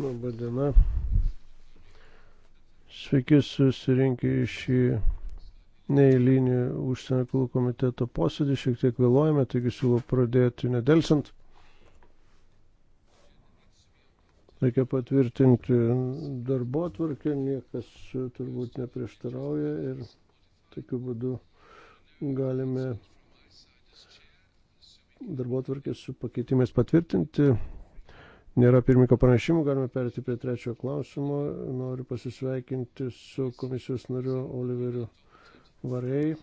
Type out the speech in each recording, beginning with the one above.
Labadiena. Sveiki susirinkę į šį neįlynį užsienio reikalų komiteto posėdį. Šiek tiek vėluojame, taigi siūlau pradėti nedelsant. Reikia patvirtinti darbo atvarkę, niekas turbūt neprieštarauja ir tokiu būdu galime darbo atvarkę su pakeitimais patvirtinti. Nėra pirmininko pranešimų, galime perėti prie trečiojo klausimo. Noriu pasisveikinti su komisijos nariu Oliveriu Varei,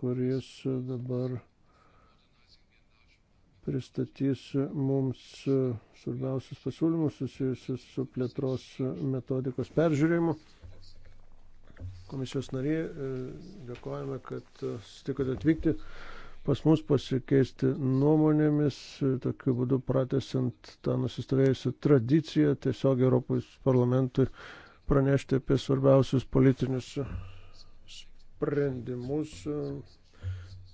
kuris dabar pristatys mums svarbiausius pasiūlymus susijusius su plėtros metodikos peržiūrėjimu. Komisijos nariai, dėkojame, kad sutikote atvykti pas mus pasikeisti nuomonėmis, tokiu būdu pratesiant tą nusistovėjusią tradiciją tiesiog Europos parlamentui pranešti apie svarbiausius politinius sprendimus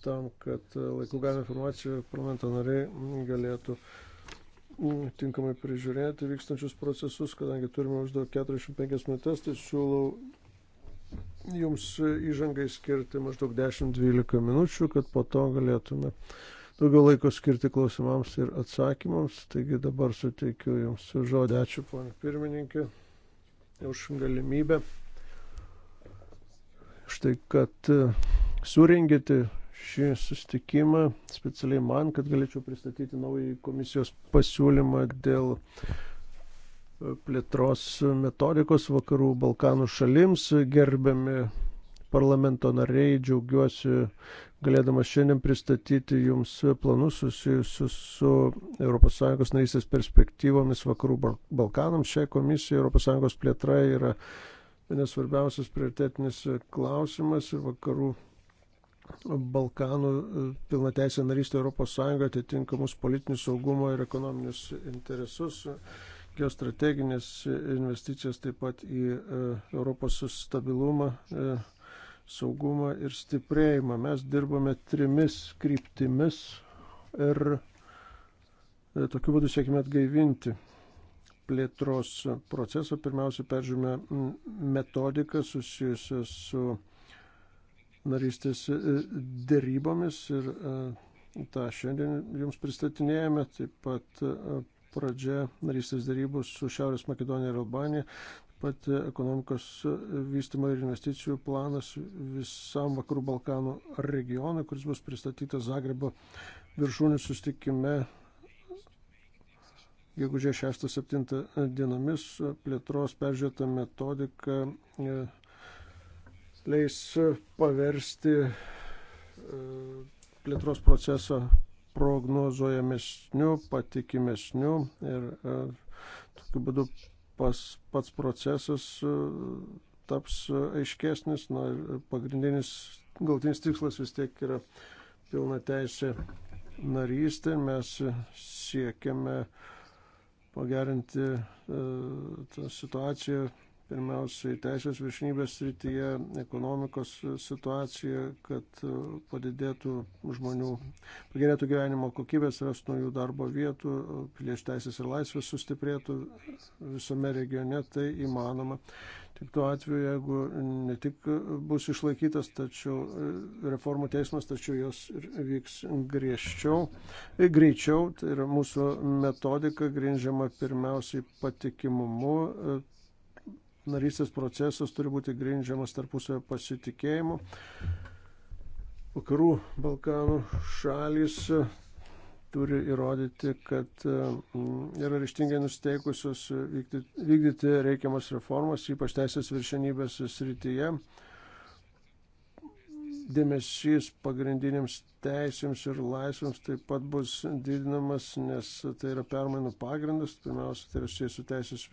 tam, kad laiku gavę informaciją parlamento nariai galėtų tinkamai prižiūrėti vykstančius procesus, kadangi turime uždaug 45 minutės, tai siūlau jums įžangai skirti maždaug 10-12 minučių, kad po to galėtume daugiau laiko skirti klausimams ir atsakymams. Taigi dabar suteikiu jums žodį. Ačiū, ponė pirmininkė, už galimybę. Štai, kad e, suringėte šį sustikimą specialiai man, kad galėčiau pristatyti naują komisijos pasiūlymą dėl plėtros metodikos vakarų Balkanų šalims. Gerbiami parlamento nariai, džiaugiuosi galėdamas šiandien pristatyti jums planus susijusius su ES narystės perspektyvomis vakarų Balkanams. Šiai komisijai ES plėtra yra vienas svarbiausias prioritetinis klausimas ir vakarų Balkanų pilnateisė narystė ES atitinkamus politinius saugumo ir ekonominius interesus geostrateginės investicijos taip pat į e, Europos stabilumą, e, saugumą ir stiprėjimą. Mes dirbame trimis kryptimis ir e, tokiu būdu siekime atgaivinti plėtros procesą. Pirmiausia, peržiūrime metodiką susijusią su narystės dėrybomis ir tą šiandien jums pristatinėjame. Taip pat pradžia narystės darybų su Šiaurės Makedonija ir Albanija, pat ekonomikos vystimo ir investicijų planas visam Vakarų Balkanų regionui, kuris bus pristatytas Zagrebo viršūnių sustikime gegužė 6-7 dienomis plėtros peržiūrėta metodika e, leis paversti e, plėtros proceso prognozuojamesniu, patikimesniu ir e, tokiu būdu pas, pats procesas e, taps aiškesnis. Na, pagrindinis galtinis tikslas vis tiek yra pilna teisė narystė. Mes siekiame pagerinti e, tą situaciją pirmiausiai teisės viršnybės srityje, ekonomikos situacija, kad e, padidėtų žmonių, pagerėtų gyvenimo kokybės, rastų naujų darbo vietų, e, pilieš teisės ir laisvės sustiprėtų visame regione, tai įmanoma. Tik tuo atveju, jeigu ne tik bus išlaikytas tačiau, e, reformų teismas, tačiau jos vyks griežčiau, greičiau, tai yra mūsų metodika grindžiama pirmiausiai patikimumu, narystės procesas turi būti grindžiamas tarpusavio pasitikėjimu. Vakarų Balkanų šalis e, turi įrodyti, kad e, yra ryštingai nusteikusios vykdyti, vykdyti reikiamas reformas, ypač teisės viršenybės srityje dėmesys pagrindiniams teisėms ir laisvėms taip pat bus didinamas, nes tai yra permainų pagrindas. Pirmiausia, tai yra susijęs su teisės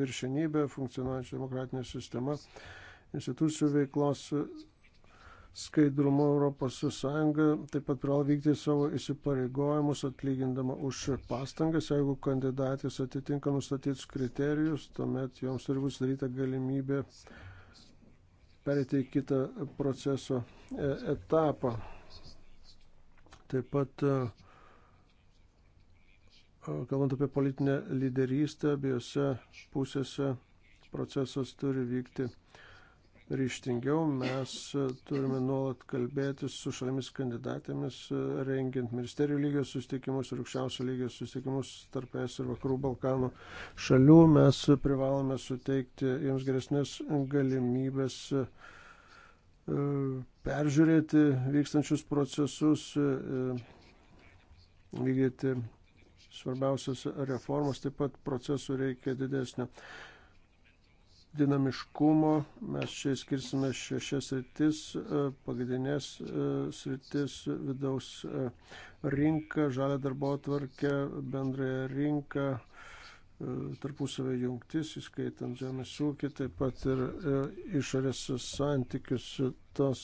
viršenybė, funkcionuojančia demokratinė sistema, institucijų veiklos skaidrumu Europos Sąjunga taip pat privalo vykti savo įsipareigojimus atlygindama už pastangas. Jeigu kandidatės atitinka nustatytus kriterijus, tuomet joms turi būti sudaryta galimybė uh, perėti į kitą proceso e, etapą. Taip pat, e, kalbant apie politinę lyderystę, abiejose pusėse procesas turi vykti uh, ryštingiau. Mes turime nuolat kalbėtis su šalimis kandidatėmis, rengiant ministerijų lygio susitikimus ir aukščiausio lygio susitikimus tarp es ir vakarų Balkanų šalių. Mes privalome suteikti jiems geresnės galimybės e, peržiūrėti vykstančius procesus, e, vykdyti svarbiausias reformas, taip pat procesų reikia didesnio dinamiškumo. Mes čia skirsime šešias sritis, e, pagrindinės e, sritis - vidaus e, rinką, žalę darbo atvarkę, bendrąją rinką, tarpusavę jungtis, įskaitant žemės ūkį, taip pat ir išorės santykius. Tos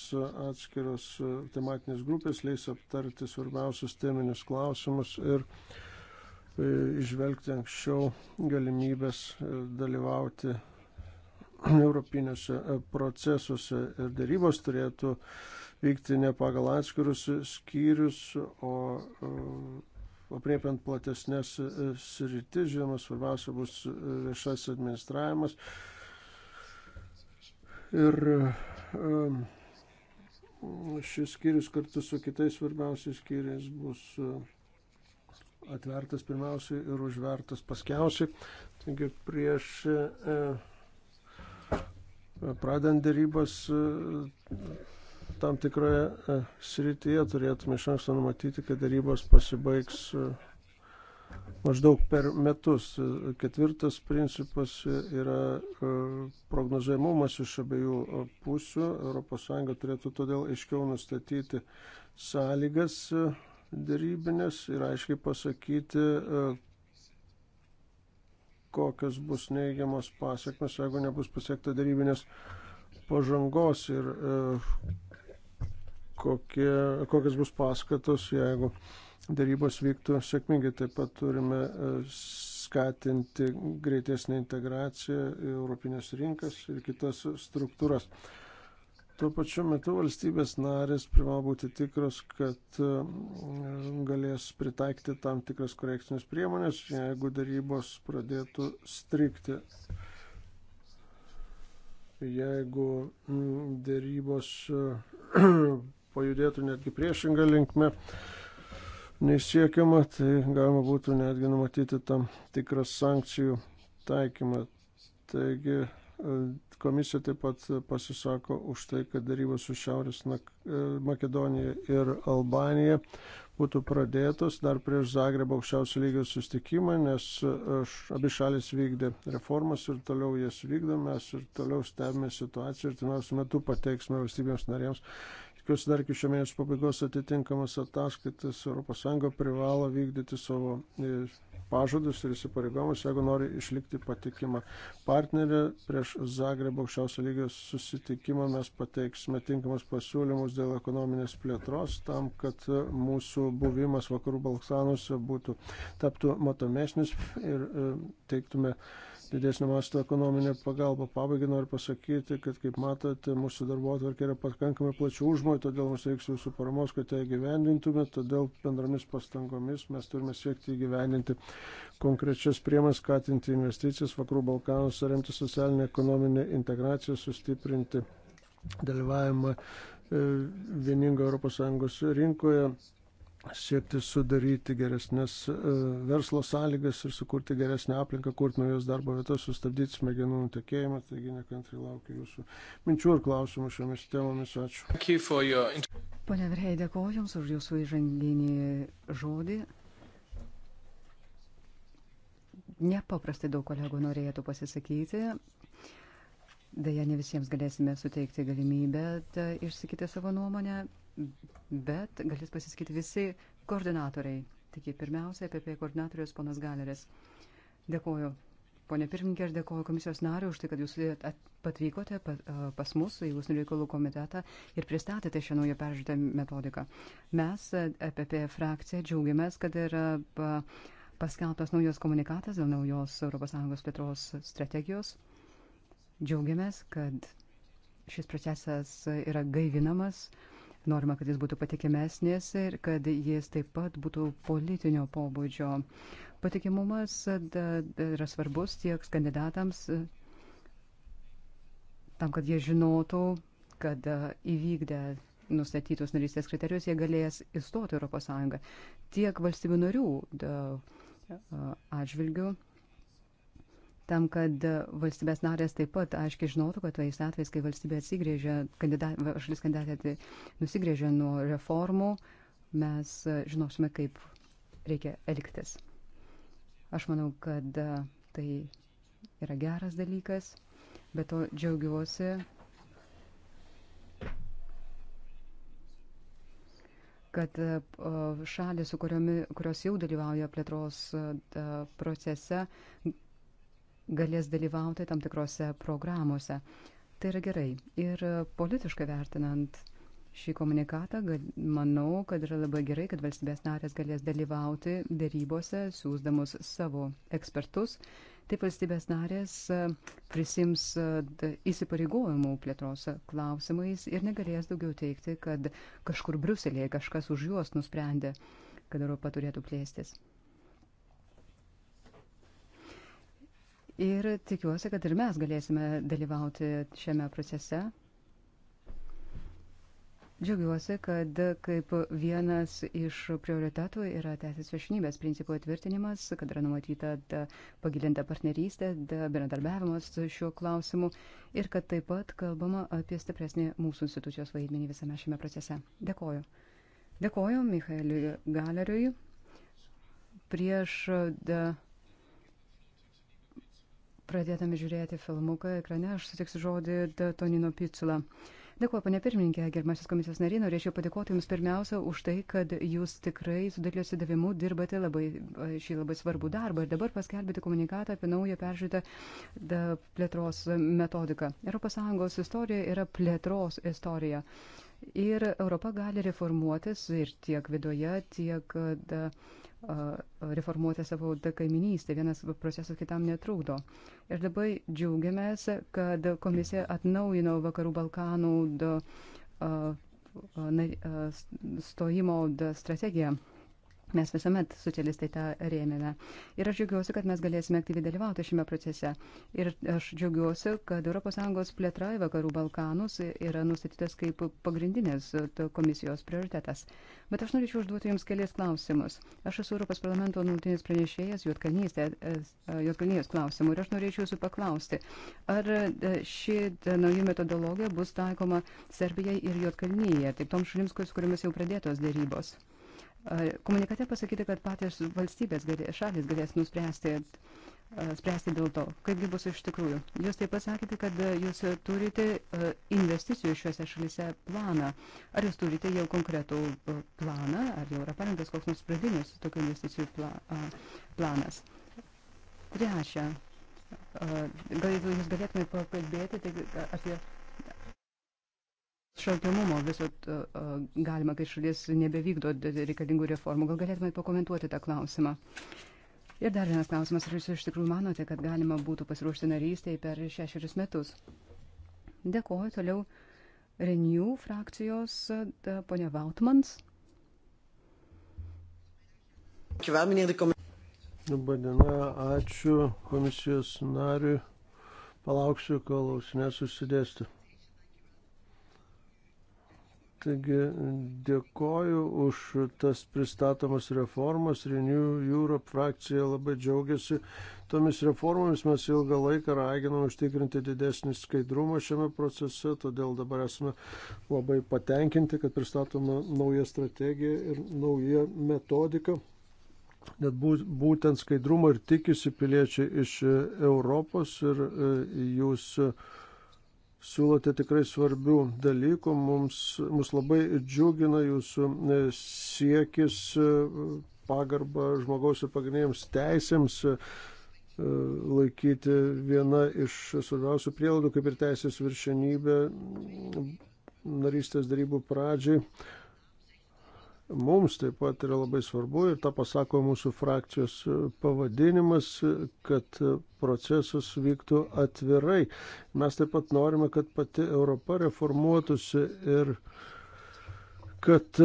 atskiros tematinės grupės leis aptarti svarbiausius teminius klausimus ir išvelgti anksčiau galimybės dalyvauti europiniuose e, procesuose ir darybos turėtų vykti ne pagal atskirus skyrius, o apriepiant e, platesnės e, sritis, žinoma, svarbiausia bus viešas administravimas. Ir šis skyrius kartu su kitais svarbiausiais skyriais bus atvertas pirmiausiai ir užvertas paskiausiai. Taigi prieš pradant darybas e, tam tikroje e, srityje turėtume iš anksto numatyti, kad darybos pasibaigs e, maždaug per metus. Ketvirtas principas yra prognozuojamumas iš abiejų pusių. ES turėtų todėl aiškiau nustatyti sąlygas darybinės ir aiškiai pasakyti, kokios bus neigiamos pasiekmes, jeigu nebus pasiekta darybinės pažangos ir e, kokie, kokios bus paskatos, jeigu darybos vyktų sėkmingai. Taip pat turime e, skatinti greitesnį integraciją į Europinės rinkas ir kitas struktūras. Tuo pačiu metu valstybės narės privalo būti tikros, kad e, galės pritaikyti tam tikras korekcinės priemonės, jeigu darybos pradėtų strikti. Jeigu darybos e, pajudėtų netgi priešingą linkmę, neįsiekiama, tai galima būtų netgi numatyti tam tikras sankcijų taikymą. Taigi Komisija taip pat pasisako už tai, kad darybos su Šiaurės e, Makedonija ir Albanija būtų pradėtos dar prieš Zagrebo aukščiausio lygio sustikimą, nes e, abi šalis vykdė reformas ir toliau jas vykdome, mes ir toliau stebime situaciją ir timiausiu metu pateiksime valstybėms narėms. Tikiuosi dar iki šio mėnesio pabaigos atitinkamas ataskaitas ES privalo vykdyti savo e, pažadus ir įsipareigomus, jeigu nori išlikti patikimą partnerį. Prieš Zagrebo aukščiausio lygio susitikimą mes pateiksime tinkamus pasiūlymus dėl ekonominės plėtros, tam, kad mūsų buvimas Vakarų Balkanuose būtų taptų matomesnis ir e, teiktume didesnio masto ekonominė pagalba. Pabaigai noriu pasakyti, kad kaip matote, mūsų darbo atvarkė yra pakankamai plačių užmojų, todėl mums reiks jūsų paramos, kad ją gyvendintume, todėl bendromis pastangomis mes turime siekti įgyvendinti konkrečias priemas, skatinti investicijas Vakarų Balkanus, remti socialinę ekonominę integraciją, sustiprinti dalyvavimą e, vieningo ES rinkoje, siekti sudaryti geresnės e, verslo sąlygas ir sukurti geresnę aplinką, kurti naujas darbo vietas, sustabdyti smegenų nutekėjimą. Taigi nekantri laukiu jūsų minčių ir klausimų šiomis temomis. Ačiū. Pane Vrei, dėkoju Jums už Jūsų įžanginį žodį. Nepaprastai daug kolegų norėtų pasisakyti. Deja, ne visiems galėsime suteikti galimybę e, išsakyti savo nuomonę bet galės pasiskyti visi koordinatoriai. Taigi, pirmiausia, apie koordinatorius ponas Galeris. Dėkoju. Pone pirmininkė, aš dėkoju komisijos nariu už tai, kad jūs patvykote pas mus į Jūsų reikalų komitetą ir pristatėte šią naują peržiūrėtą metodiką. Mes, EPP frakcija, džiaugiamės, kad yra paskelbtas naujos komunikatas dėl naujos ES plėtros strategijos. Džiaugiamės, kad šis procesas yra gaivinamas. Uh, Norima, kad jis būtų patikimesnis ir kad jis taip pat būtų politinio pobūdžio. Patikimumas yra svarbus tiek kandidatams, tam, kad jie žinotų, kad įvykdę nustatytus narystės kriterijus jie galės įstoti Europos Sąjungą. Tiek valstybių narių atžvilgių tam, kad valstybės narės taip pat aiškiai žinotų, kad tais atvejais, kai valstybė atsigrėžia, kandidat, šalis kandidatė tai nusigrėžia nuo reformų, mes žinosime, kaip reikia elgtis. Aš manau, kad tai yra geras dalykas, bet to džiaugiuosi, kad šalis, kuriomis, kurios jau dalyvauja plėtros procese, galės dalyvauti tam tikrose programuose. Tai yra gerai. Ir politiškai vertinant šį komunikatą, manau, kad yra labai gerai, kad valstybės narės galės dalyvauti dėrybose, siūsdamos savo ekspertus. Taip valstybės narės e, prisims e, įsipareigojimų plėtros klausimais ir negalės daugiau teikti, kad kažkur Bruselėje kažkas už juos nusprendė, kad Europa turėtų plėstis. Ir tikiuosi, kad ir mes galėsime dalyvauti šiame procese. Džiaugiuosi, kad kaip vienas iš prioritetų yra teisės viršinybės principų atvirtinimas, kad yra numatyta pagilinta partnerystė, bendradarbiavimas šiuo klausimu ir kad taip pat kalbama apie stipresnį mūsų institucijos vaidmenį visame šiame procese. Dėkoju. Dėkoju Michaeliui Galeriui. Prieš da, de pradėdami žiūrėti filmuką ekrane, aš sutiksiu žodį Tonino Picula. Dėkuoju, ponė pirmininkė, gerbiamasis komisijos nariai, norėčiau padėkoti Jums pirmiausia už tai, kad Jūs tikrai su dideliu atsidavimu dirbate labai, šį labai svarbų darbą ir dabar paskelbėte komunikatą apie naują peržiūrėtą plėtros metodiką. ES istorija yra plėtros istorija. Ir Europa gali reformuotis ir tiek viduje, tiek da, reformuoti savo kaiminystę. Vienas procesas kitam netrūkdo. Ir labai džiaugiamės, kad komisija atnaujino Vakarų Balkanų stojimo strategiją. Mes visuomet socialistai tą rėmėme. Ir aš džiaugiuosi, kad mes galėsime aktyviai dalyvauti šiame procese. Ir aš džiaugiuosi, kad ES plėtra į vakarų Balkanus yra nustatytas kaip pagrindinės komisijos prioritetas. Bet aš norėčiau užduoti Jums kelias klausimus. Aš esu Europos parlamento nultinis pranešėjas Jotkalnyjos klausimų ir aš norėčiau Jūsų paklausti, ar e, ši e, nauja metodologija bus taikoma Serbijai ir Jotkalnyje, taip toms šalims, su kuriomis jau pradėtos dėrybos. Komunikate pasakyti, kad patys valstybės galė, šalis galės nuspręsti, spręsti dėl to, kaipgi bus iš tikrųjų. Jūs taip pasakėte, kad jūs turite investicijų šiuose šalise planą. Ar jūs turite jau konkretų planą, ar jau yra parengtas koks nors pradinis tokių investicijų pla, planas? Trečia, gal jūs galėtumėte pakalbėti tai apie šaltuomumo viso galima, kai šalis nebevykdo reikalingų reformų. Gal galėtumėte pakomentuoti tą klausimą? Ir dar vienas klausimas, ar jūs iš tikrųjų manote, kad galima būtų pasiruošti narystėje per šešerius metus? Dėkuoju toliau Renew frakcijos ponia Vautmans. Labadiena, ačiū komisijos nariui. Palauksiu, kol ausinės susidėsti. Taigi dėkoju už tas pristatomas reformas. Renew Europe frakcija labai džiaugiasi tomis reformomis. Mes ilgą laiką raginom užtikrinti didesnį skaidrumą šiame procese, todėl dabar esame labai patenkinti, kad pristatoma nauja strategija ir nauja metodika. Net būtent skaidrumo ir tikisi piliečiai iš Europos ir e, jūs. Uh, siūlote tikrai svarbių dalykų. Mums, mus labai džiugina jūsų e, siekis e, pagarba žmogaus ir pagrindiniams teisėms e, laikyti viena iš svarbiausių prielaidų, kaip ir teisės viršenybė narystės darybų pradžiai mums taip pat yra labai svarbu ir tą pasako mūsų frakcijos pavadinimas, kad procesas vyktų atvirai. Mes taip pat norime, kad pati Europa reformuotųsi ir kad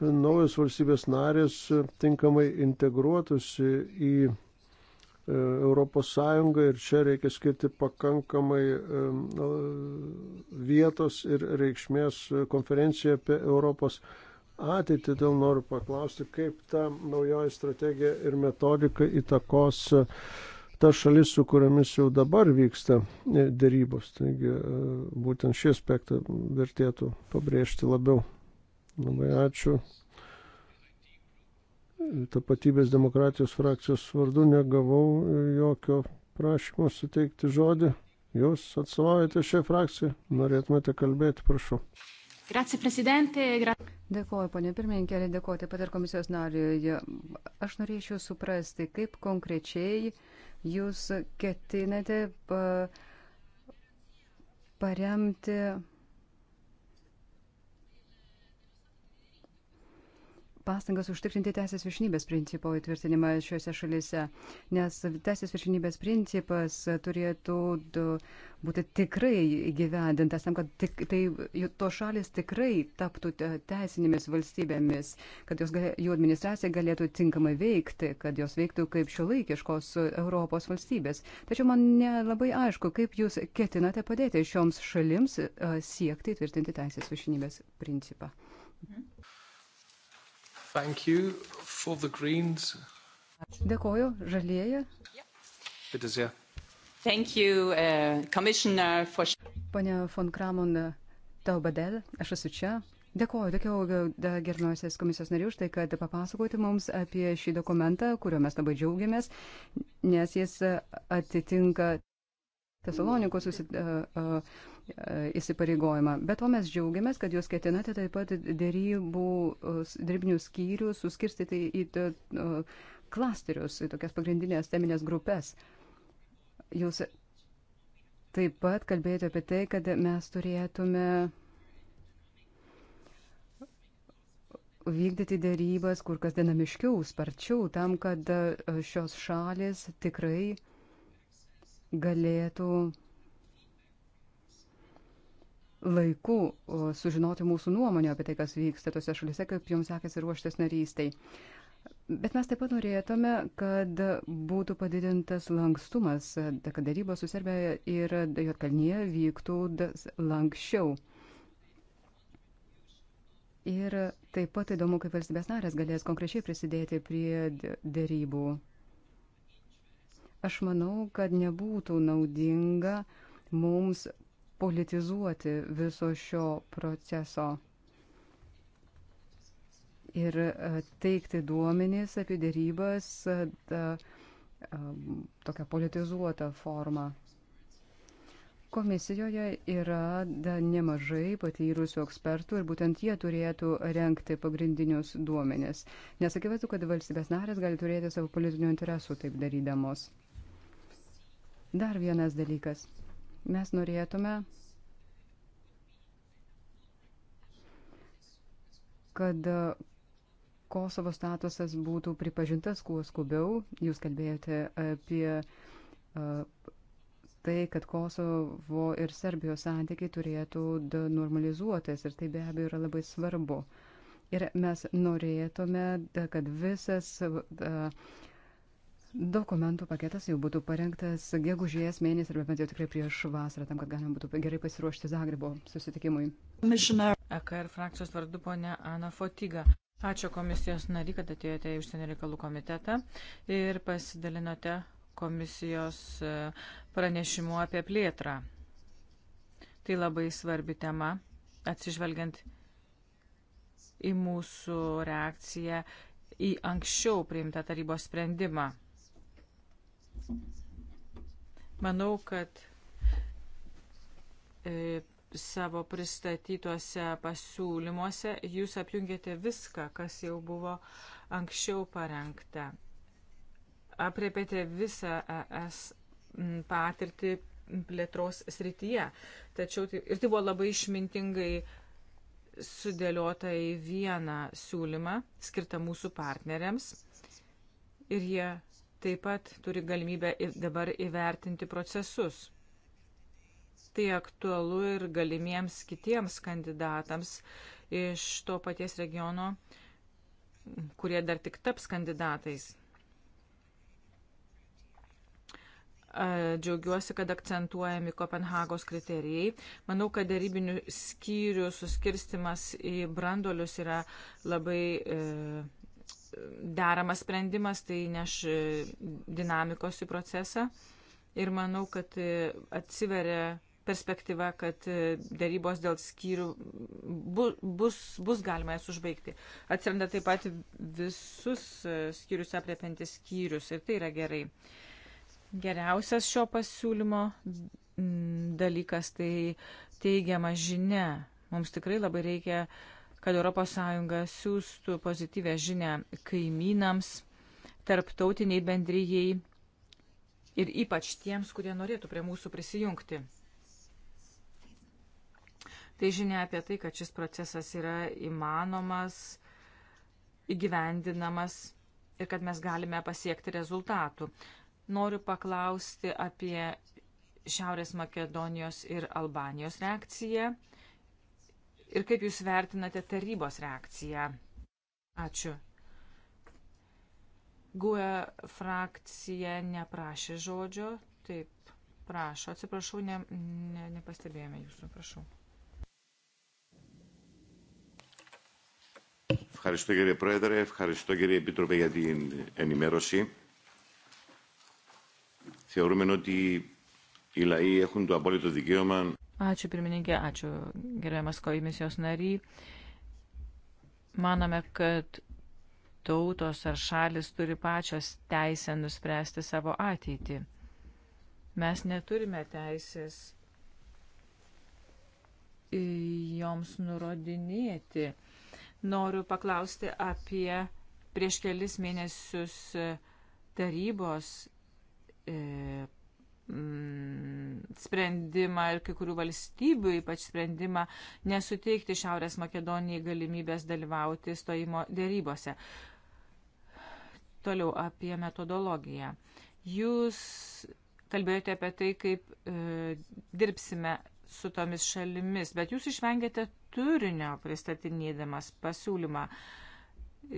naujos valstybės narės tinkamai integruotųsi į e, Europos Sąjungą ir čia reikia skirti pakankamai e, vietos ir reikšmės konferencijai apie Europos Sąjungą ateitį, todėl noriu paklausti, kaip ta naujoji strategija ir metodika įtakos e, ta šalis, su kuriamis jau dabar vyksta e, dėrybos. Taigi e, būtent šį aspektą vertėtų pabrėžti labiau. Labai ačiū. Tapatybės demokratijos frakcijos vardu negavau jokio prašymo suteikti žodį. Jūs atstovaujate šią frakciją, norėtumėte kalbėti, prašau. Grazie, prezidentė. Gra... Dėkuoju, ponė pirmininkė, dėkuoju taip pat ir komisijos nariui. Aš norėčiau suprasti, kaip konkrečiai jūs ketinate paremti pastangas užtikrinti teisės viršinybės principo įtvirtinimą šiuose šalise, nes teisės viršinybės principas turėtų būti tikrai gyvendintas tam, kad tik, tai, to šalis tikrai taptų teisinėmis valstybėmis, kad jos, jų administracija galėtų tinkamai veikti, kad jos veiktų kaip šiolaikiškos Europos valstybės. Tačiau man nelabai aišku, kaip jūs ketinate padėti šioms šalims siekti įtvirtinti teisės viršinybės principą. Mhm. Dėkoju, žalieji. Yeah. Thank you, uh, Commissioner, for. Pane von Kramon Taubadel, aš esu čia. Dėkuoju, dėkuoju gerbiamasis komisijos nariu už tai, kad papasakoti mums apie šį dokumentą, kuriuo mes labai džiaugiamės, nes jis atitinka Tesalonikos susit, uh, uh, E, įsipareigojimą. Bet to mes džiaugiamės, kad jūs ketinate taip pat dėrybų, e, dirbinių skyrių suskirstyti į e, klasterius, į tokias pagrindinės teminės grupės. Jūs taip pat kalbėjote apie tai, kad mes turėtume vykdyti dėrybas kur kas dinamiškiau, sparčiau, tam, kad šios šalis tikrai galėtų laiku sužinoti mūsų nuomonę apie tai, kas vyksta tose šalise, kaip jums sekasi ruoštis narystiai. Bet mes taip pat norėtume, kad būtų padidintas lankstumas, kad darybos su Serbija ir Jotkalnyje vyktų lankščiau. Ir taip pat įdomu, kaip valstybės narės galės konkrečiai prisidėti prie dėrybų. Aš manau, kad nebūtų naudinga mums politizuoti viso šio proceso ir e, teikti duomenys apie dėrybas e, e, tokią politizuotą formą. Komisijoje yra nemažai patyrusių ekspertų ir būtent jie turėtų renkti pagrindinius duomenis, nes akivaizdu, kad valstybės narės gali turėti savo politinių interesų taip darydamos. Dar vienas dalykas. Mes norėtume, kad Kosovo statusas būtų pripažintas kuo skubiau. Jūs kalbėjote apie tai, kad Kosovo ir Serbijos santykiai turėtų normalizuotis ir tai be abejo yra labai svarbu. Ir mes norėtume, kad visas Dokumentų paketas jau būtų parengtas gegužės mėnesį arba bent jau tikrai prieš vasarą, tam, kad galima būtų gerai pasiruošti Zagrebo susitikimui. EKR frakcijos vardu ponė Ana Fotyga. Ačiū komisijos nari, kad atėjote į užsienio reikalų komitetą ir pasidalinote komisijos e, pranešimu apie plėtrą. Tai labai svarbi tema, atsižvelgiant į mūsų reakciją į anksčiau priimtą tarybos sprendimą. Manau, kad e, savo pristatytuose pasiūlymuose jūs apjungėte viską, kas jau buvo anksčiau parengta. Apriepėte visą ES patirtį plėtros srityje. Tačiau tai, ir tai buvo labai išmintingai sudėliota į vieną siūlymą skirtą mūsų partneriams. Ir jie taip pat turi galimybę dabar įvertinti procesus. Tai aktualu ir galimiems kitiems kandidatams iš to paties regiono, kurie dar tik taps kandidatais. Džiaugiuosi, kad akcentuojami Kopenhagos kriterijai. Manau, kad darybinių skyrių suskirstimas į brandolius yra labai e, deramas sprendimas, tai neš e, dinamikos į procesą. Ir manau, kad e, atsiveria perspektyva, kad e, darybos dėl skyrių bu, bus, bus galima jas užbaigti. Atsiranda taip pat visus skyrius apriepintis skyrius ir tai yra gerai. Geriausias šio pasiūlymo dalykas tai teigiama žinia. Mums tikrai labai reikia uh, kad ES siūstų pozityvę žinę kaimynams, tarptautiniai bendryjei ir ypač tiems, kurie norėtų prie mūsų prisijungti. Tai žinia apie tai, kad šis procesas yra įmanomas, įgyvendinamas ir kad mes galime pasiekti rezultatų. Noriu paklausti apie Šiaurės Makedonijos ir Albanijos reakciją ir kaip Jūs vertinate tarybos reakciją? Ačiū. GUE frakcija neprašė žodžio, taip, prašo, atsiprašau, ne, ne, nepastebėjome Jūsų, prašau. Ευχαριστώ κύριε Πρόεδρε, ευχαριστώ κύριε Επίτροπε για την ενημέρωση. Θεωρούμε ότι οι λαοί έχουν το απόλυτο δικαίωμα Ačiū pirmininkė, ačiū gerbiamas komisijos nary. Manome, kad tautos ar šalis turi pačios teisę nuspręsti savo ateitį. Mes neturime teisės joms nurodinėti. Noriu paklausti apie prieš kelis mėnesius tarybos e, mm, sprendimą ir kai kurių valstybių ypač sprendimą nesuteikti Šiaurės Makedonijai galimybės dalyvauti stojimo dėrybose. Toliau apie metodologiją. Jūs kalbėjote apie tai, kaip e, dirbsime su tomis šalimis, bet jūs išvengėte turinio pristatinėdamas pasiūlymą.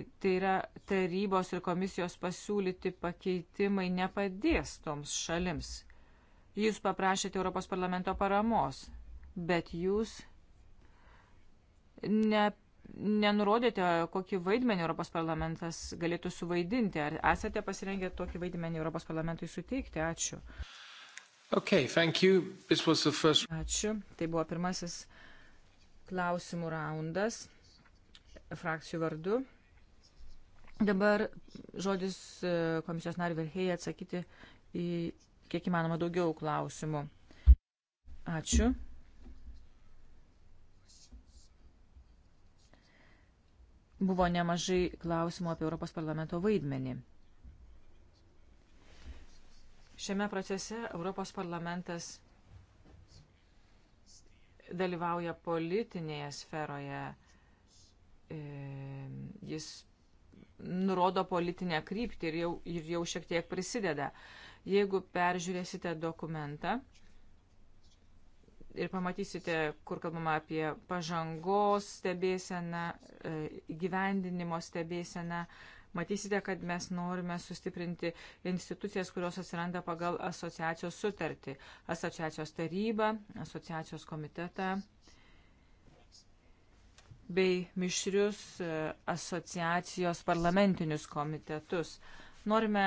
Tai yra tarybos ir komisijos pasiūlyti pakeitimai nepadės toms šalims. Jūs paprašėte Europos parlamento paramos, bet jūs ne, nenurodėte, kokį vaidmenį Europos parlamentas galėtų suvaidinti. Ar esate pasirengę tokį vaidmenį Europos parlamentui suteikti? Ačiū. Okay, thank you. This was the first... Ačiū. Tai buvo pirmasis klausimų raundas frakcijų vardu. Dabar žodis e, komisijos nariu Verhėjai atsakyti į kiek įmanoma daugiau klausimų. Ačiū. Buvo nemažai klausimų apie Europos parlamento vaidmenį. Šiame procese Europos parlamentas dalyvauja politinėje sferoje. E, jis nurodo politinę kryptį ir jau, ir jau šiek tiek prisideda. Jeigu peržiūrėsite dokumentą ir pamatysite, kur kalbama apie pažangos stebėseną, e, gyvendinimo stebėseną, matysite, kad mes norime sustiprinti institucijas, kurios atsiranda pagal asociacijos sutartį. Asociacijos tarybą, asociacijos komitetą bei mišrius e, asociacijos parlamentinius komitetus. Norime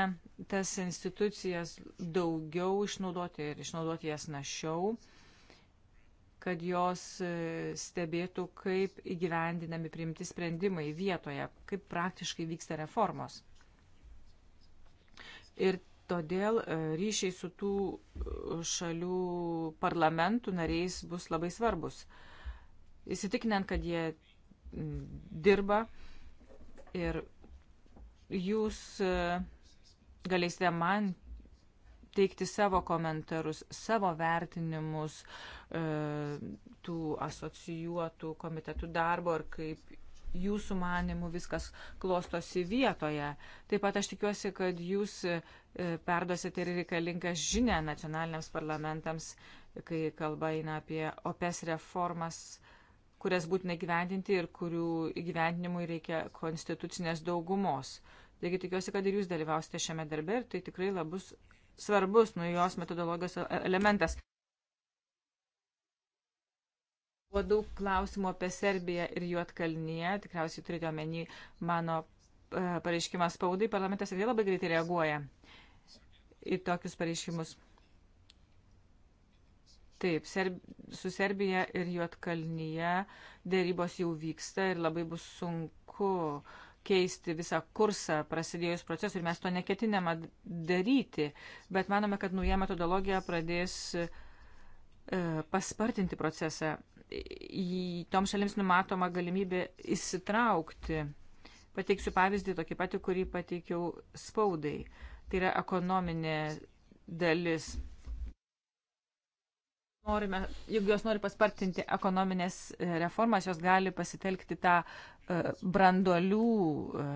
tas institucijas daugiau išnaudoti ir išnaudoti jas našiau, kad jos e, stebėtų, kaip įgyvendinami priimti sprendimai vietoje, kaip praktiškai vyksta reformos. Ir todėl e, ryšiai su tų e, šalių parlamentų nariais bus labai svarbus. Įsitikinant, kad jie dirba ir Jūs e, galėsite man teikti savo komentarus, savo vertinimus e, tų asocijuotų komitetų darbo ir kaip jūsų manimų viskas klostosi vietoje. Taip pat aš tikiuosi, kad jūs e, perduosite ir reikalingą žinę nacionaliniams parlamentams, kai kalba eina apie OPES reformas kurias būtina gyvendinti ir kurių įgyvendinimui reikia konstitucinės daugumos. Taigi tikiuosi, kad ir jūs dalyvausite šiame darbe ir tai tikrai labus svarbus nuo jos metodologijos e- elementas. Buvo daug klausimų apie Serbiją ir Juotkalnyje, tikriausiai turite omeny mano e, pareiškimas spaudai, parlamentas tikrai labai greitai reaguoja į tokius pareiškimus. Taip, Serb... su Serbija ir Juotkalnyje dėrybos jau vyksta ir labai bus sunku keisti visą kursą prasidėjus procesui ir mes to neketiname daryti, bet manome, kad nauja metodologija pradės e, paspartinti procesą. Į tom šalims numatoma galimybė įsitraukti. Pateiksiu pavyzdį tokį patį, kurį pateikiau spaudai. Tai yra ekonominė dalis norime, jeigu jos nori paspartinti ekonominės e, reformas, jos gali pasitelkti tą e, brandolių e,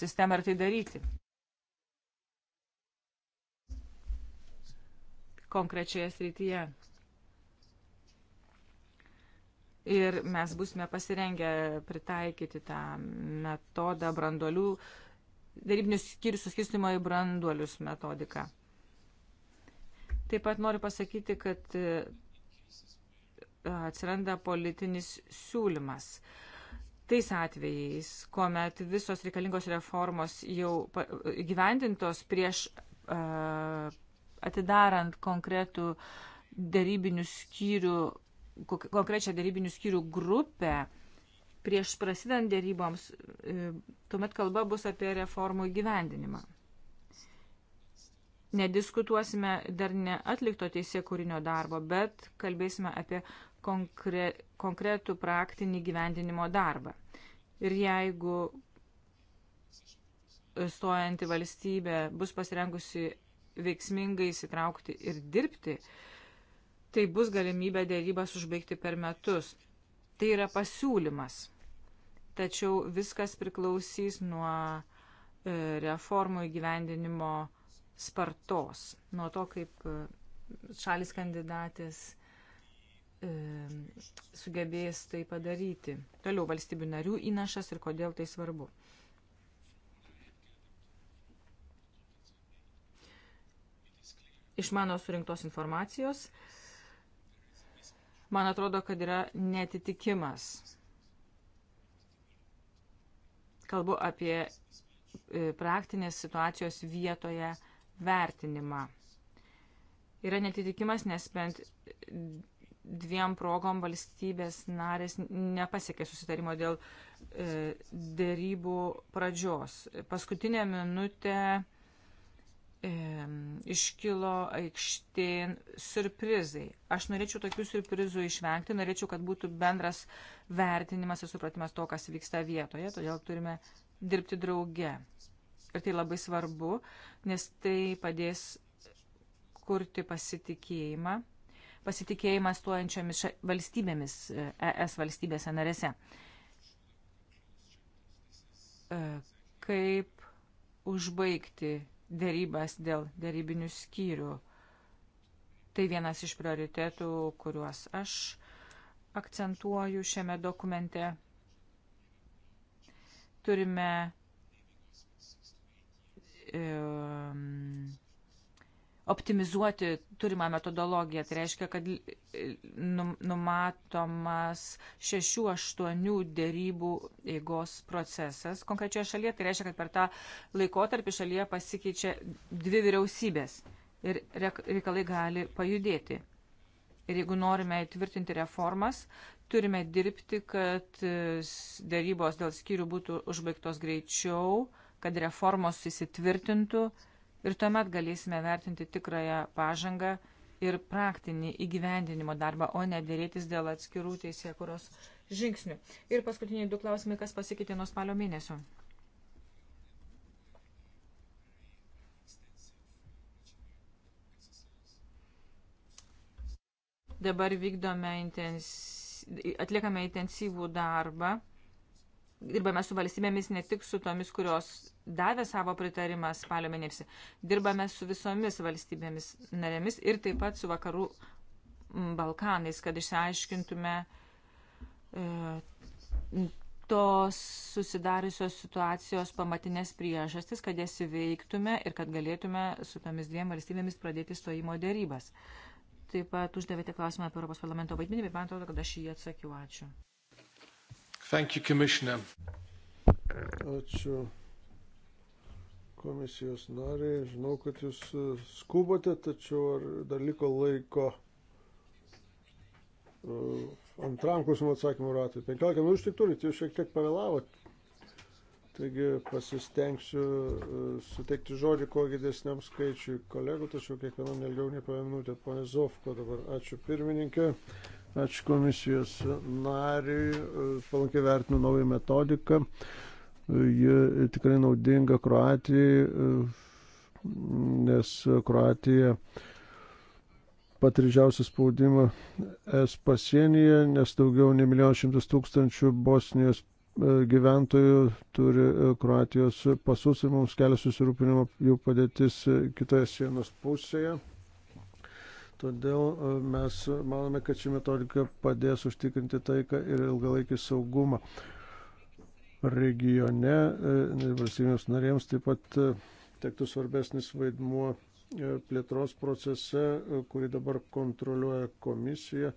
sistemą ir tai daryti. Konkrečioje srityje. Ir mes būsime pasirengę pritaikyti tą metodą brandolių, darybinius skyrius suskirstimo į branduolius metodiką. Taip pat noriu pasakyti, kad atsiranda politinis siūlymas. Tais atvejais, kuomet visos reikalingos reformos jau gyvendintos prieš atidarant konkretų darybinių skyrių, konkrečią darybinių skyrių grupę, prieš prasidant dėryboms, e, tuomet kalba bus apie reformų gyvendinimą. Nediskutuosime dar neatlikto teisė kūrinio darbo, bet kalbėsime apie konkre, konkretų praktinį gyvendinimo darbą. Ir jeigu stojanti valstybė bus pasirengusi veiksmingai įsitraukti ir dirbti, tai bus galimybė dėrybas užbaigti per metus. Tai yra pasiūlymas. Tačiau viskas priklausys nuo e, reformų įgyvendinimo spartos, nuo to, kaip e, šalis kandidatės E, sugebės tai padaryti. Toliau valstybių narių įnašas ir kodėl tai svarbu. Iš mano surinktos informacijos, man atrodo, kad yra netitikimas. Kalbu apie e, praktinės situacijos vietoje vertinimą. Yra netitikimas, nes bent dviem progom valstybės narės nepasiekė susitarimo dėl e, dėrybų pradžios. Paskutinė minutė e, iškilo aikštėn surprizai. Aš norėčiau tokių surprizų išvengti, norėčiau, kad būtų bendras vertinimas ir supratimas to, kas vyksta vietoje, todėl turime dirbti drauge. Ir tai labai svarbu, nes tai padės kurti pasitikėjimą pasitikėjimą stojančiomis valstybėmis ES e valstybėse narėse. E, kaip užbaigti dėrybas dėl dėrybinių skyrių? Tai vienas iš prioritetų, kuriuos aš akcentuoju šiame dokumente. Turime um, optimizuoti turimą metodologiją. Tai reiškia, kad numatomas šešių, aštuonių dėrybų eigos procesas konkrečioje šalyje. Tai reiškia, kad per tą laikotarpį šalyje pasikeičia dvi vyriausybės ir reikalai gali pajudėti. Ir jeigu norime įtvirtinti reformas, turime dirbti, kad dėrybos dėl skyrių būtų užbaigtos greičiau, kad reformos įsitvirtintų ir tuomet galėsime vertinti tikrąją pažangą ir praktinį įgyvendinimo darbą, o ne dėrėtis dėl atskirų teisėkuros žingsnių. Ir paskutiniai du klausimai, kas pasikeitė nuo spalio mėnesio. Dabar vykdome intensyvų atliekame intensyvų darbą dirbame su valstybėmis, ne tik su tomis, kurios davė savo pritarimą spalio mėnesį. Dirbame su visomis valstybėmis narėmis ir taip pat su vakarų Balkanais, kad išsiaiškintume e, tos susidariusios situacijos pamatinės priežastis, kad jas įveiktume ir kad galėtume su tomis dviem valstybėmis pradėti stojimo dėrybas. Taip pat uždavėte klausimą apie Europos parlamento vaidmenį, bet man atrodo, kad aš jį atsakiau. Ačiū. Thank you, Commissioner. Ačiū komisijos nariai. Žinau, kad jūs uh, skubate, tačiau ar dar liko laiko uh, antram klausimų atsakymų ratui. 15 minučių tik turite, jūs šiek tiek pavėlavot. Taigi pasistengsiu uh, suteikti žodį kuo didesniam skaičiui kolegų, tačiau kiekvienam ilgiau nei po minutę. Pone Zovko dabar, ačiū pirmininkė. Ačiū komisijos nariui, palankiai vertinu naują metodiką. Ji tikrai naudinga Kroatijai, nes Kroatija patridžiausią spaudimą es pasienyje, nes daugiau nei milijonas šimtas tūkstančių Bosnijos e, gyventojų turi e, Kroatijos pasus ir mums kelia susirūpinimo jų padėtis e, kitoje sienos pusėje. Todėl e, mes manome, kad ši metodika padės užtikrinti taiką ir ilgalaikį saugumą regione. E, valstybėms narėms taip pat e, tektų svarbesnis vaidmuo plėtros procese, kurį dabar kontroliuoja komisija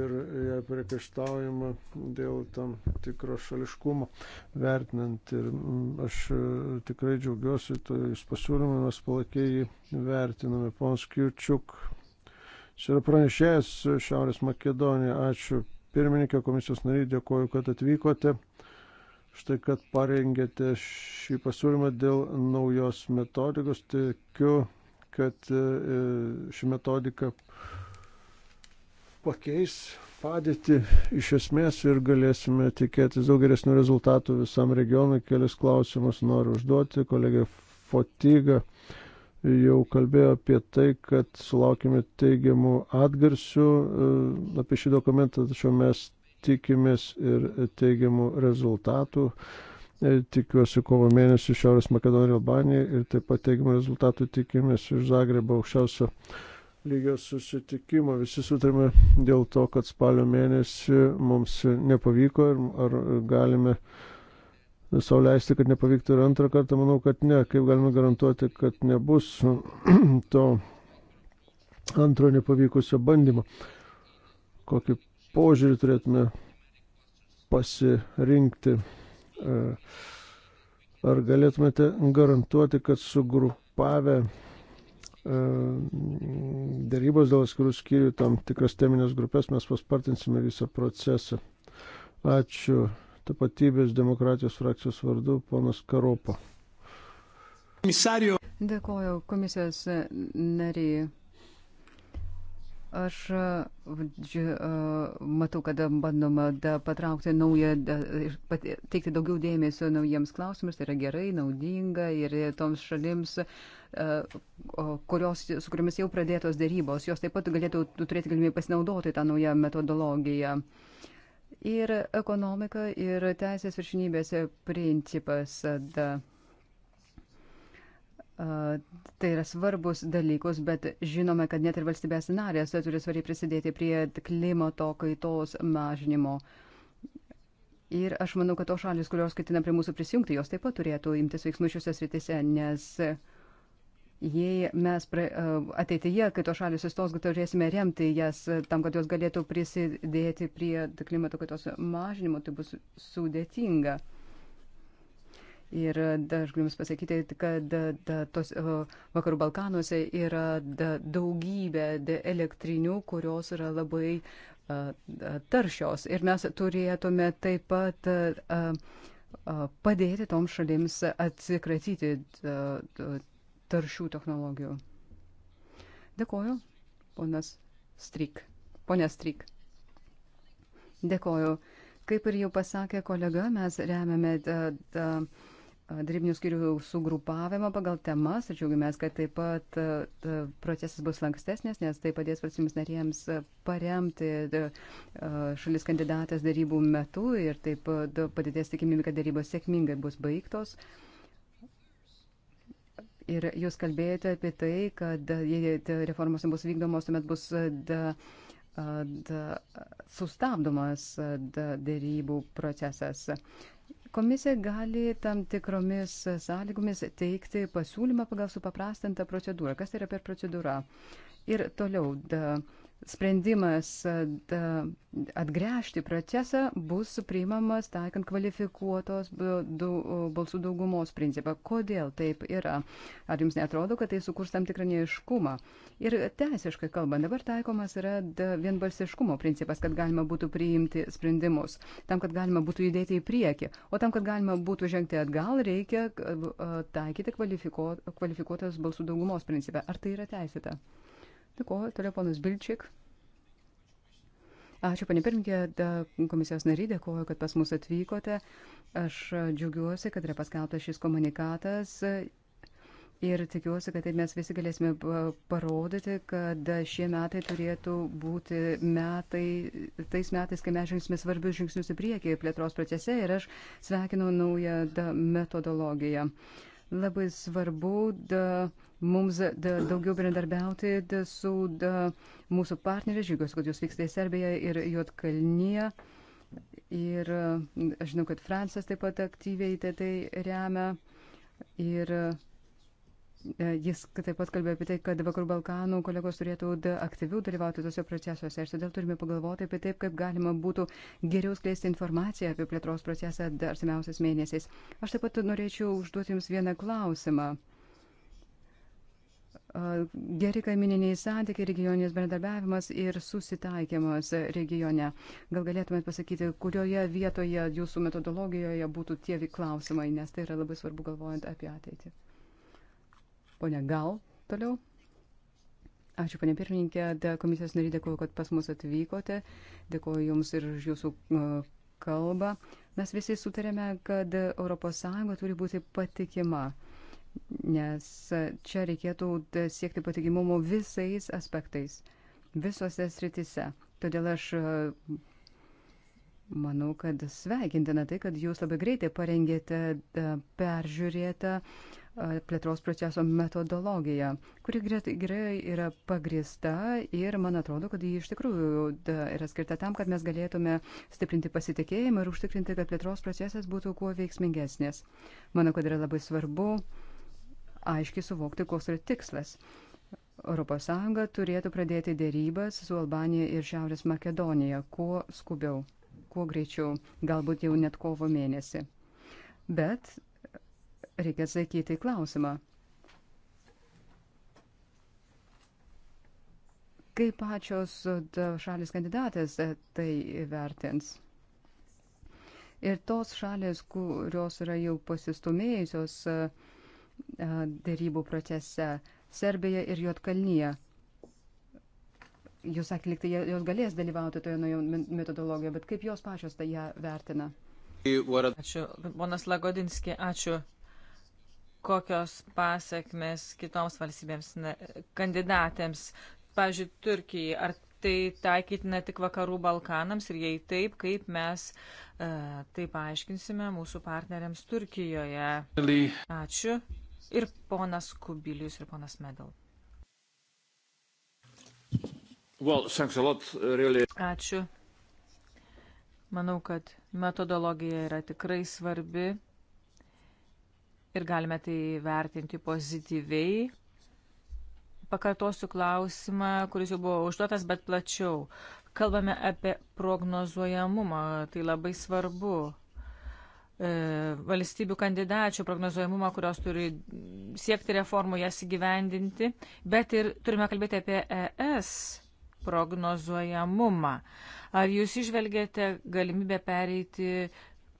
ir jai priekaištaujama dėl tam tikro šališkumo vertinant. Ir mm, aš e, tikrai džiaugiuosi, tais pasiūlymai mes palakiai jį vertiname. Pons Kiučiuk, jis yra pranešėjęs Šiaurės Makedonija. Ačiū pirmininkė komisijos nariai, dėkoju, kad atvykote. Štai, kad parengėte šį pasiūlymą dėl naujos metodikos, tikiu, kad e, e, ši metodika pakeis padėtį iš esmės ir galėsime tikėtis daug geresnių rezultatų visam regionui. Kelius klausimus noriu užduoti. Kolegė Fotyga jau kalbėjo apie tai, kad sulaukime teigiamų atgarsių e, apie šį dokumentą, tačiau mes tikimės ir teigiamų rezultatų. E, tikiuosi kovo mėnesį Šiaurės Makedonija Albanija ir taip pat teigiamų rezultatų tikimės iš Zagrebo aukščiausio lygio susitikimo. Visi sutarėme dėl to, kad spalio mėnesį mums nepavyko ir ar galime savo leisti, kad nepavyktų ir antrą kartą. Manau, kad ne. Kaip galime garantuoti, kad nebus to antro nepavykusio bandymo. Kokį požiūrį turėtume pasirinkti. E, ar galėtumėte garantuoti, kad sugrupavę e, darybos dėl atskirų skyrių tam tikras teminės grupės, mes paspartinsime visą procesą. Ačiū tapatybės demokratijos frakcijos vardu, ponas Karopa. Komisario. Dėkoju komisijos nariai. Aš matau, kada bandoma da, patraukti naują ir teikti daugiau dėmesio naujiems klausimams, tai yra gerai, naudinga ir toms šalims, kurios, su kuriamis jau pradėtos dėrybos, jos taip pat galėtų turėti galimybę pasinaudoti tą naują metodologiją. Ir ekonomika, ir teisės viršinybės principas. Da, Tai yra svarbus dalykus, bet žinome, kad net ir valstybės narės turi svariai prisidėti prie klimato kaitos mažinimo. Ir aš manau, kad tos šalis, kurios ketina prie mūsų prisijungti, jos taip pat turėtų imtis veiksmų šiuose sritise, nes jei mes pra, ateityje, kai tos šalis įstos, turėsime remti jas tam, kad jos galėtų prisidėti prie klimato kaitos mažinimo, tai bus sudėtinga. Ir e, da, aš galiu Jums pasakyti, kad da, da, tos e, vakarų Balkanuose yra da, daugybė da, elektrinių, kurios yra labai a, e, da, taršios. Ir mes turėtume taip pat a, a, padėti toms šalims atsikratyti da, da, taršių technologijų. Dėkoju, ponas Stryk. Pone Stryk. Dėkoju. Kaip ir jau pasakė kolega, mes remiame. Da, da, dirbinių skirių sugrupavimą pagal temas ir džiaugiamės, kad taip pat e, e, procesas bus lankstesnis, nes tai padės valstybėms narėms e, paremti šalis kandidatas darybų metu ir taip padidės tikimybė, kad darybos sėkmingai bus baigtos. Ir jūs kalbėjote apie tai, kad jei reformos nebus vykdomos, tuomet bus da, da, sustabdomas da, darybų procesas. Komisija gali tam tikromis sąlygomis teikti pasiūlymą pagal supaprastintą procedūrą. Kas tai yra per procedūrą? Ir toliau. Da, sprendimas atgręžti procesą bus priimamas taikant kvalifikuotos balsų daugumos principą. Kodėl taip yra? Ar jums netrodo, kad tai sukurs tam tikrą neiškumą? Ir teisiškai kalbant, dabar taikomas yra vienbalsiškumo principas, kad galima būtų priimti sprendimus, tam, kad galima būtų judėti į priekį, o tam, kad galima būtų žengti atgal, reikia taikyti kvalifikuotos balsų daugumos principą. Ar tai yra teisėta? Dėkuoju, toliau ponas Bilčik. Ačiū, panė pirmininkė, komisijos nariai, dėkuoju, kad pas mus atvykote. Aš džiaugiuosi, kad yra paskelbtas šis komunikatas ir tikiuosi, kad tai mes visi galėsime parodyti, kad šie metai turėtų būti metai, tais metais, kai mes žingsime svarbius žingsnius į priekį plėtros procese ir aš sveikinu naują metodologiją. Labai svarbu. Da, mums daugiau bendradarbiauti su mūsų partneriais. Žiūrėsiu, kad jūs vykstate į Serbiją ir Jotkalnyje. Ir aš žinau, kad Francas taip pat aktyviai tai, tai remia. Ir jis taip pat kalbėjo apie tai, kad Vakarų Balkanų kolegos turėtų aktyviau dalyvauti tose procesuose. Ir todėl turime pagalvoti apie taip, kaip galima būtų geriau skleisti informaciją apie plėtros procesą artimiausias mėnesiais. Aš taip pat norėčiau užduoti Jums vieną klausimą geri kaimininiai santykiai, regioninis bendradarbiavimas ir susitaikymas regione. Gal galėtumėt pasakyti, kurioje vietoje jūsų metodologijoje būtų tie klausimai, nes tai yra labai svarbu galvojant apie ateitį. Pone, gal toliau? Ačiū, panė pirmininkė, komisijos nariai dėkuoju, kad pas mus atvykote, dėkuoju Jums ir už Jūsų kalbą. Mes visi sutarėme, kad ES turi būti patikima nes čia reikėtų siekti patikimumo visais aspektais, visose sritise. Todėl aš e, manau, kad sveikintina tai, kad jūs labai greitai parengėte e, peržiūrėtą e, plėtros proceso metodologiją, kuri gerai yra pagrista ir man atrodo, kad ji iš tikrųjų yra skirta tam, kad mes galėtume stiprinti pasitikėjimą ir užtikrinti, kad plėtros procesas būtų kuo veiksmingesnis. Manau, kad yra labai svarbu uh, aiškiai suvokti, koks yra tikslas. ES turėtų pradėti dėrybas su Albanija ir Šiaurės Makedonija kuo skubiau, kuo greičiau, galbūt jau net kovo mėnesį. Bet reikia atsakyti į klausimą. Kaip pačios šalis kandidatės tai vertins? Ir tos šalis, kurios yra jau pasistumėjusios, uh, dėrybų procese Serbija ir Jotkalnyje. Jūs sakėte, liktai jos galės dalyvauti toje naujoje metodologijoje, bet kaip jos pačios tai ją vertina? Ačiū, ponas Lagodinski, ačiū. Kokios pasiekmes kitoms valstybėms kandidatėms, pavyzdžiui, Turkijai, ar tai taikytina tik vakarų Balkanams ir jei taip, kaip mes e, tai paaiškinsime mūsų partneriams Turkijoje. Ačiū ir ponas Kubilius ir ponas Medal. Well, lot, really. Ačiū. Manau, kad metodologija yra tikrai svarbi ir galime tai vertinti pozityviai. Pakartosiu klausimą, kuris jau buvo užduotas, bet plačiau. Kalbame apie prognozuojamumą, tai labai svarbu. E, valstybių kandidačių prognozuojamumą, kurios turi siekti reformų, jas įgyvendinti, bet ir turime kalbėti apie ES prognozuojamumą. Ar jūs išvelgėte galimybę pereiti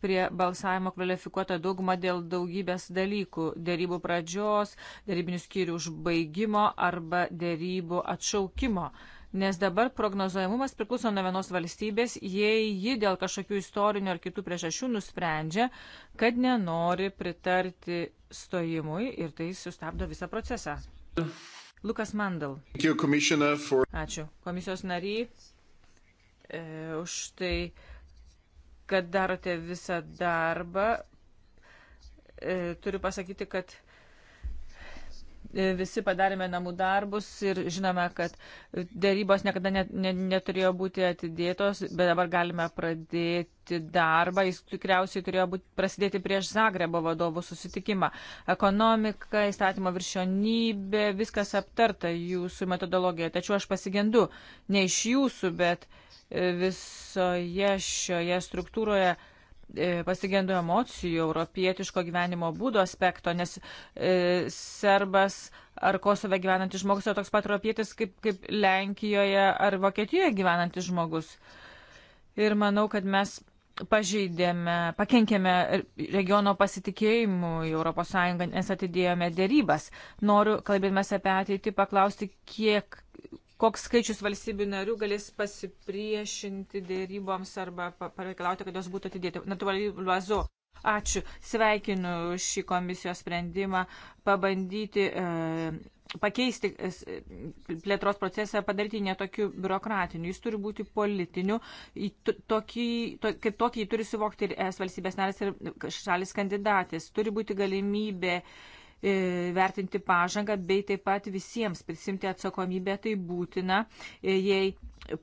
prie balsavimo kvalifikuotą daugumą dėl daugybės dalykų - dėrybų pradžios, dėrybinių skyrių užbaigimo arba dėrybų atšaukimo? Uh, nes dabar prognozuojamumas priklauso nuo vienos valstybės, jei ji dėl kažkokių istorinių ar kitų priežasčių nusprendžia, kad nenori pritarti stojimui ir tai sustabdo visą procesą. Lukas Mandal. Ačiū komisijos nariai e, už tai, kad darote visą darbą. E, turiu pasakyti, kad e, E, visi padarėme namų darbus ir žinome, kad dėrybos niekada net, net, neturėjo būti atidėtos, bet dabar galime pradėti darbą. Jis tikriausiai turėjo būti, prasidėti prieš Zagrebo vadovų susitikimą. Ekonomika, įstatymo viršionybė, viskas aptarta jūsų metodologijoje. Tačiau aš pasigendu ne iš jūsų, bet e, visoje šioje struktūroje E, pasigendu emocijų, europietiško gyvenimo būdo aspekto, nes e, serbas ar Kosove gyvenantis žmogus yra toks pat europietis kaip, kaip Lenkijoje ar Vokietijoje gyvenantis žmogus. Ir manau, kad mes pažeidėme, pakenkėme regiono pasitikėjimui ES, nes atidėjome dėrybas. Noriu, kalbėdamas apie ateitį, paklausti, kiek koks skaičius valstybių narių galės pasipriešinti dėryboms arba pareikalauti, kad jos būtų atidėti. Natūraliai Luazu. Ačiū. Sveikinu šį komisijos sprendimą pabandyti. E, Pakeisti e, plėtros procesą, padaryti netokiu biurokratiniu. Jis turi būti politiniu, tokį, to, kaip tokį jį turi suvokti ir es valstybės narės ir šalis kandidatės. Turi būti galimybė uh, E, vertinti pažangą, bei taip pat visiems prisimti atsakomybę, tai būtina, e, jei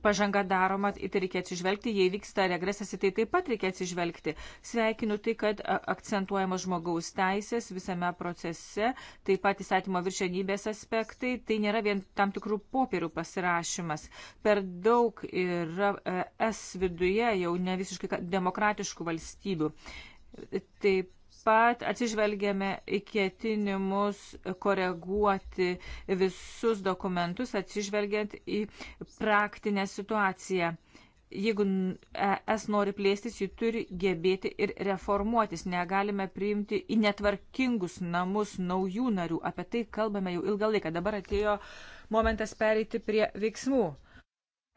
pažanga daroma, į tai reikia atsižvelgti, jei vyksta regresas, į tai taip pat reikia atsižvelgti. Sveikinu tai, kad akcentuojamos žmogaus teisės visame procese, taip pat įstatymo viršenybės aspektai, tai nėra vien tam tikrų popierių pasirašymas. Per daug yra e, es viduje jau ne visiškai demokratiškų valstybių. Taip pat atsižvelgėme į ketinimus koreguoti visus dokumentus, atsižvelgiant į praktinę situaciją. Jeigu es nori plėstis, ji turi gebėti ir reformuotis. Negalime priimti į netvarkingus namus naujų narių. Apie tai kalbame jau ilgą laiką. Dabar atėjo momentas pereiti prie veiksmų.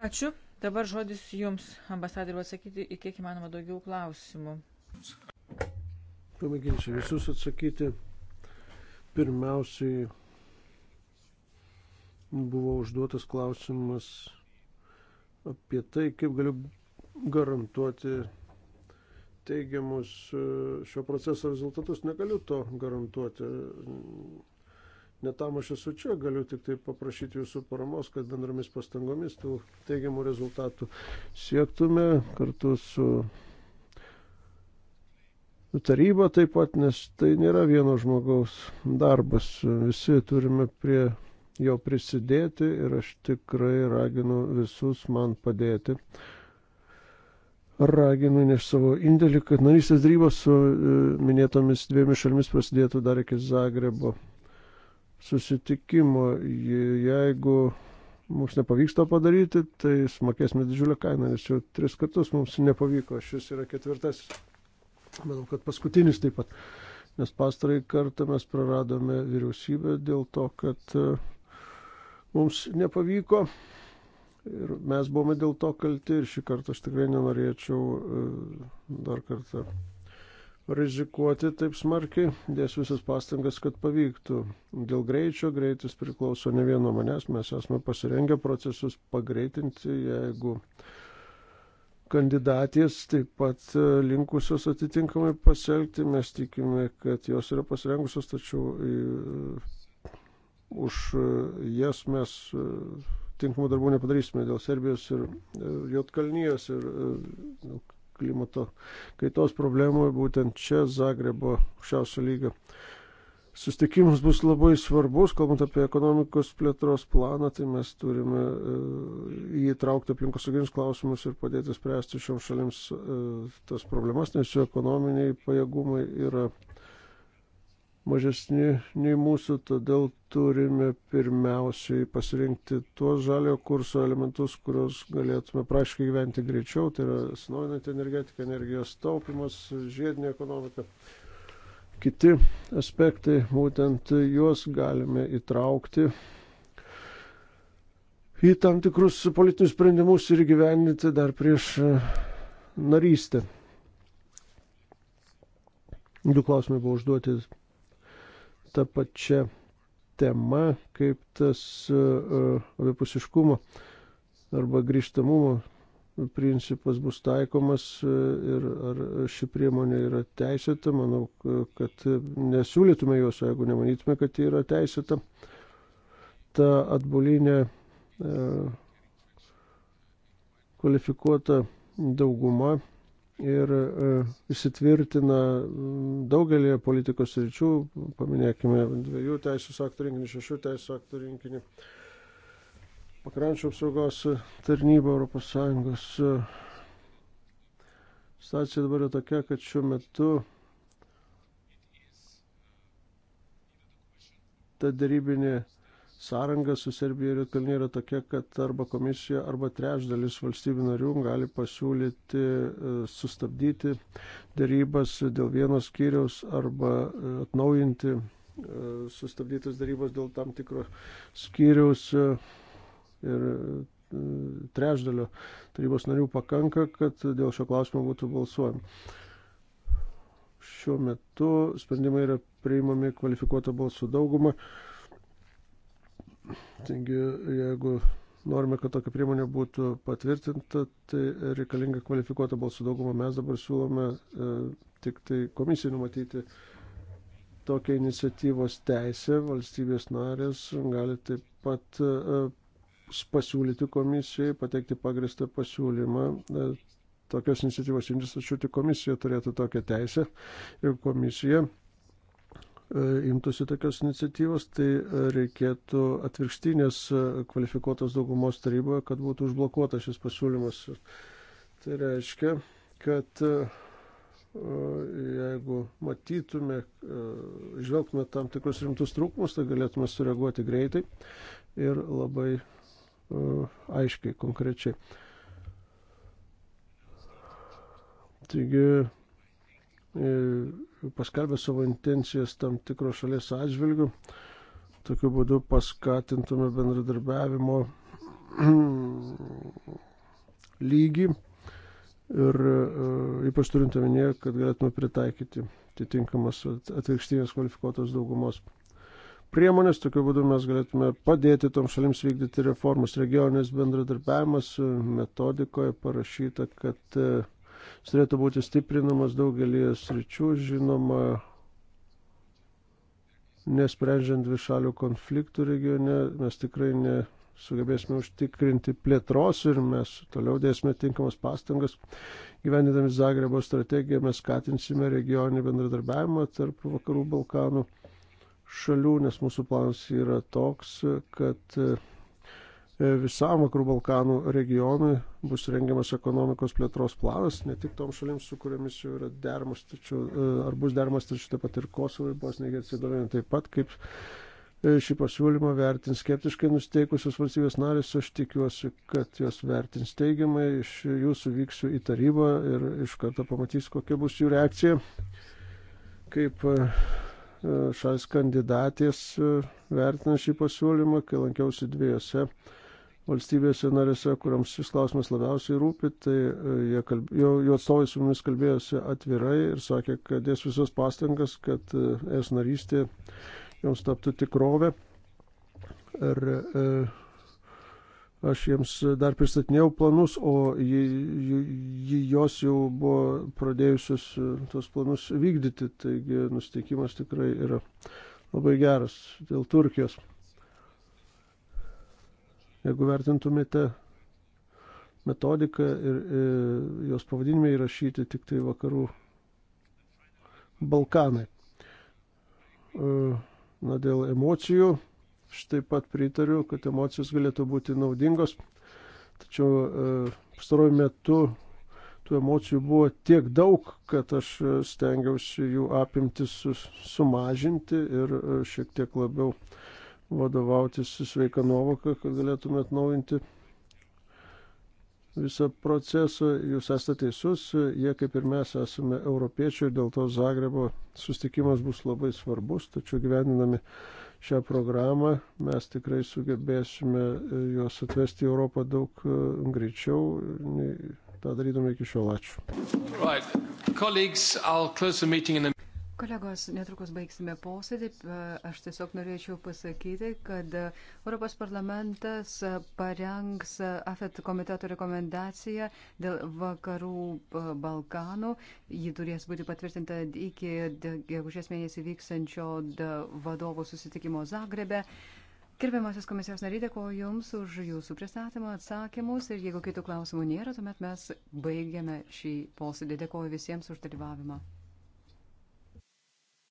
Ačiū. Dabar žodis Jums, ambasadoriu, atsakyti į kiek įmanoma daugiau klausimų. Pamėginsiu visus atsakyti. Pirmiausiai buvo užduotas klausimas apie tai, kaip galiu garantuoti teigiamus e, šio proceso rezultatus. Negaliu to garantuoti. Netam aš esu čia, galiu tik tai paprašyti jūsų paramos, kad bendromis pastangomis tų teigiamų rezultatų siektume kartu su taryba taip pat, nes tai nėra vieno žmogaus darbas. Visi turime prie jo prisidėti ir aš tikrai raginu visus man padėti. Raginu neš savo indėlį, kad narystės darybos su e, minėtomis dviemis šalimis prasidėtų dar iki Zagrebo susitikimo. Jeigu mums nepavyks to padaryti, tai sumokėsime didžiulę kainą, nes jau tris kartus mums nepavyko, šis yra ketvirtasis. Manau, kad paskutinis taip pat, nes pastarai kartą mes praradome vyriausybę dėl to, kad e, mums nepavyko ir mes buvome dėl to kalti ir šį kartą aš tikrai nenorėčiau e, dar kartą rizikuoti taip smarkiai, dės visas pastangas, kad pavyktų. Dėl greičio greitis priklauso ne vieno manęs, mes esame pasirengę procesus pagreitinti, jeigu uh, kandidatės taip pat e, linkusios atitinkamai pasielgti. Mes tikime, kad jos yra pasirengusios, tačiau e, už e, jas mes tinkamų darbų nepadarysime dėl Serbijos ir Jotkalnyjos ir dėl klimato kaitos problemų. Būtent čia Zagrebo aukščiausio lygio sustikimas bus labai svarbus, kalbant apie ekonomikos plėtros planą, tai mes turime e, jį traukti aplinkosauginius klausimus ir padėti spręsti šioms šalims e, tas problemas, nes jų ekonominiai pajėgumai yra mažesni nei mūsų, todėl turime pirmiausiai pasirinkti tuos žalio kurso elementus, kuriuos galėtume praškai gyventi greičiau, tai yra atsinaujinanti energetika, energijos taupimas, žiedinė ekonomika kiti aspektai, būtent juos galime įtraukti į tam tikrus politinius sprendimus ir gyveninti dar prieš e, narystę. Du klausimai buvo užduoti tą pačią temą, kaip tas e, e, abipusiškumo arba grįžtamumo principas bus taikomas e, ir ar ši priemonė yra teisėta. Manau, e, kad nesiūlytume jos, jeigu nemanytume, kad ji yra teisėta. Ta atbulinė e, kvalifikuota dauguma ir įsitvirtina daugelį politikos ryčių, paminėkime dviejų teisės aktų rinkinį, šešių teisės aktų rinkinį pakrančių apsaugos tarnyba ES e, situacija dabar yra tokia, kad šiuo metu ta darybinė sąranga su Serbija ir Jotkalnyje yra tokia, kad arba komisija, arba trečdalis valstybių narių gali pasiūlyti e, sustabdyti darybas dėl vienos skyriaus arba e, atnaujinti sustabdytas darybas dėl tam tikro skyriaus ir e, trečdalio tarybos narių pakanka, kad dėl šio klausimo būtų balsuojama. Šiuo metu sprendimai yra priimami kvalifikuotą balsų daugumą. Taigi, jeigu norime, kad tokia priemonė būtų patvirtinta, tai reikalinga kvalifikuota balsų dauguma. Mes dabar siūlome e, tik tai komisijai numatyti tokią iniciatyvos teisę. Valstybės narės gali taip pat e, pasiūlyti komisijai, pateikti pagristą pasiūlymą. E, tokios iniciatyvos imtis, tačiau tik komisija turėtų tokią teisę ir komisija e, imtųsi tokios iniciatyvos, tai e, reikėtų atvirkštinės kvalifikuotos daugumos taryboje, kad būtų užblokuotas šis pasiūlymas. Tai reiškia, kad jeigu matytume, žvelgtume tam tikrus rimtus trūkumus, tai galėtume sureaguoti greitai ir labai E, aiškiai, konkrečiai. Taigi, e, paskelbė savo intencijas tam tikro šalies atžvilgių, tokiu būdu paskatintume bendradarbiavimo lygį ir e, ypač turint omenyje, kad galėtume pritaikyti atitinkamas atvirkštinės kvalifikuotos daugumos priemonės, tokiu būdu mes galėtume padėti toms šalims vykdyti reformas. Regioninis bendradarbiavimas metodikoje parašyta, kad jis e, turėtų būti stiprinamas daugelį sričių, žinoma, nesprendžiant dvišalių konfliktų regione, mes tikrai nesugebėsime užtikrinti plėtros ir mes toliau dėsime tinkamas pastangas. Gyvenydami Zagrebo strategiją mes skatinsime regioninį bendradarbiavimą tarp Vakarų Balkanų šalių, nes mūsų planas yra toks, kad e, visam vakarų Balkanų regionui bus rengiamas ekonomikos plėtros planas, ne tik toms šalims, su kuriamis jau yra dermas, tačiau, e, ar bus dermas, tačiau taip pat ir Kosovai, Bosnija, Hercegovina taip pat, kaip e, šį pasiūlymą vertins skeptiškai nusteikusios valstybės narės, aš tikiuosi, kad jos vertins teigiamai, iš jūsų vyksiu į tarybą ir iš karto pamatys, kokia bus jų reakcija. Kaip E, šalis kandidatės e, vertina šį pasiūlymą, kai lankiausi dviejose valstybėse narėse, kuriams šis klausimas labiausiai rūpi, tai e, jie, kalb... jų, jų atstovai su mumis kalbėjosi atvirai ir sakė, kad dės visas pastangas, kad es narystė joms taptų tikrovę. Ir e, Aš jiems dar pristatinėjau planus, o jį, jį, jos jau buvo pradėjusios e, tos planus vykdyti, taigi nusteikimas tikrai yra labai geras dėl Turkijos. Jeigu vertintumėte metodiką ir, ir e, jos pavadinime įrašyti tik tai vakarų Balkanai. E, na, dėl emocijų Aš taip pat pritariu, kad emocijos galėtų būti naudingos, tačiau e, pastaruoju metu tų emocijų buvo tiek daug, kad aš e, stengiausi jų apimtis sumažinti ir e, šiek tiek labiau vadovautis sveika nuovoka, kad galėtume atnaujinti visą procesą. Jūs esate teisus, jie kaip ir mes esame europiečiai, dėl to Zagrebo sustikimas bus labai svarbus, tačiau gyveninami šią programą, mes tikrai sugebėsime e, juos atvesti į Europą daug e, greičiau, tą darydami iki šiol. Ačiū. Right. Kolegos, netrukus baigsime posėdį. Aš tiesiog norėčiau pasakyti, kad Europos parlamentas parengs AFET komiteto rekomendaciją dėl vakarų e, Balkanų. Ji turės būti patvirtinta iki gegužės mėnesį vyksančio e, vadovų susitikimo Zagrebe. Gerbiamasis komisijos nariai, dėkoju Jums už Jūsų pristatymą, atsakymus ir jeigu kitų klausimų nėra, tuomet mes baigiame šį posėdį. Dėkoju visiems už dalyvavimą.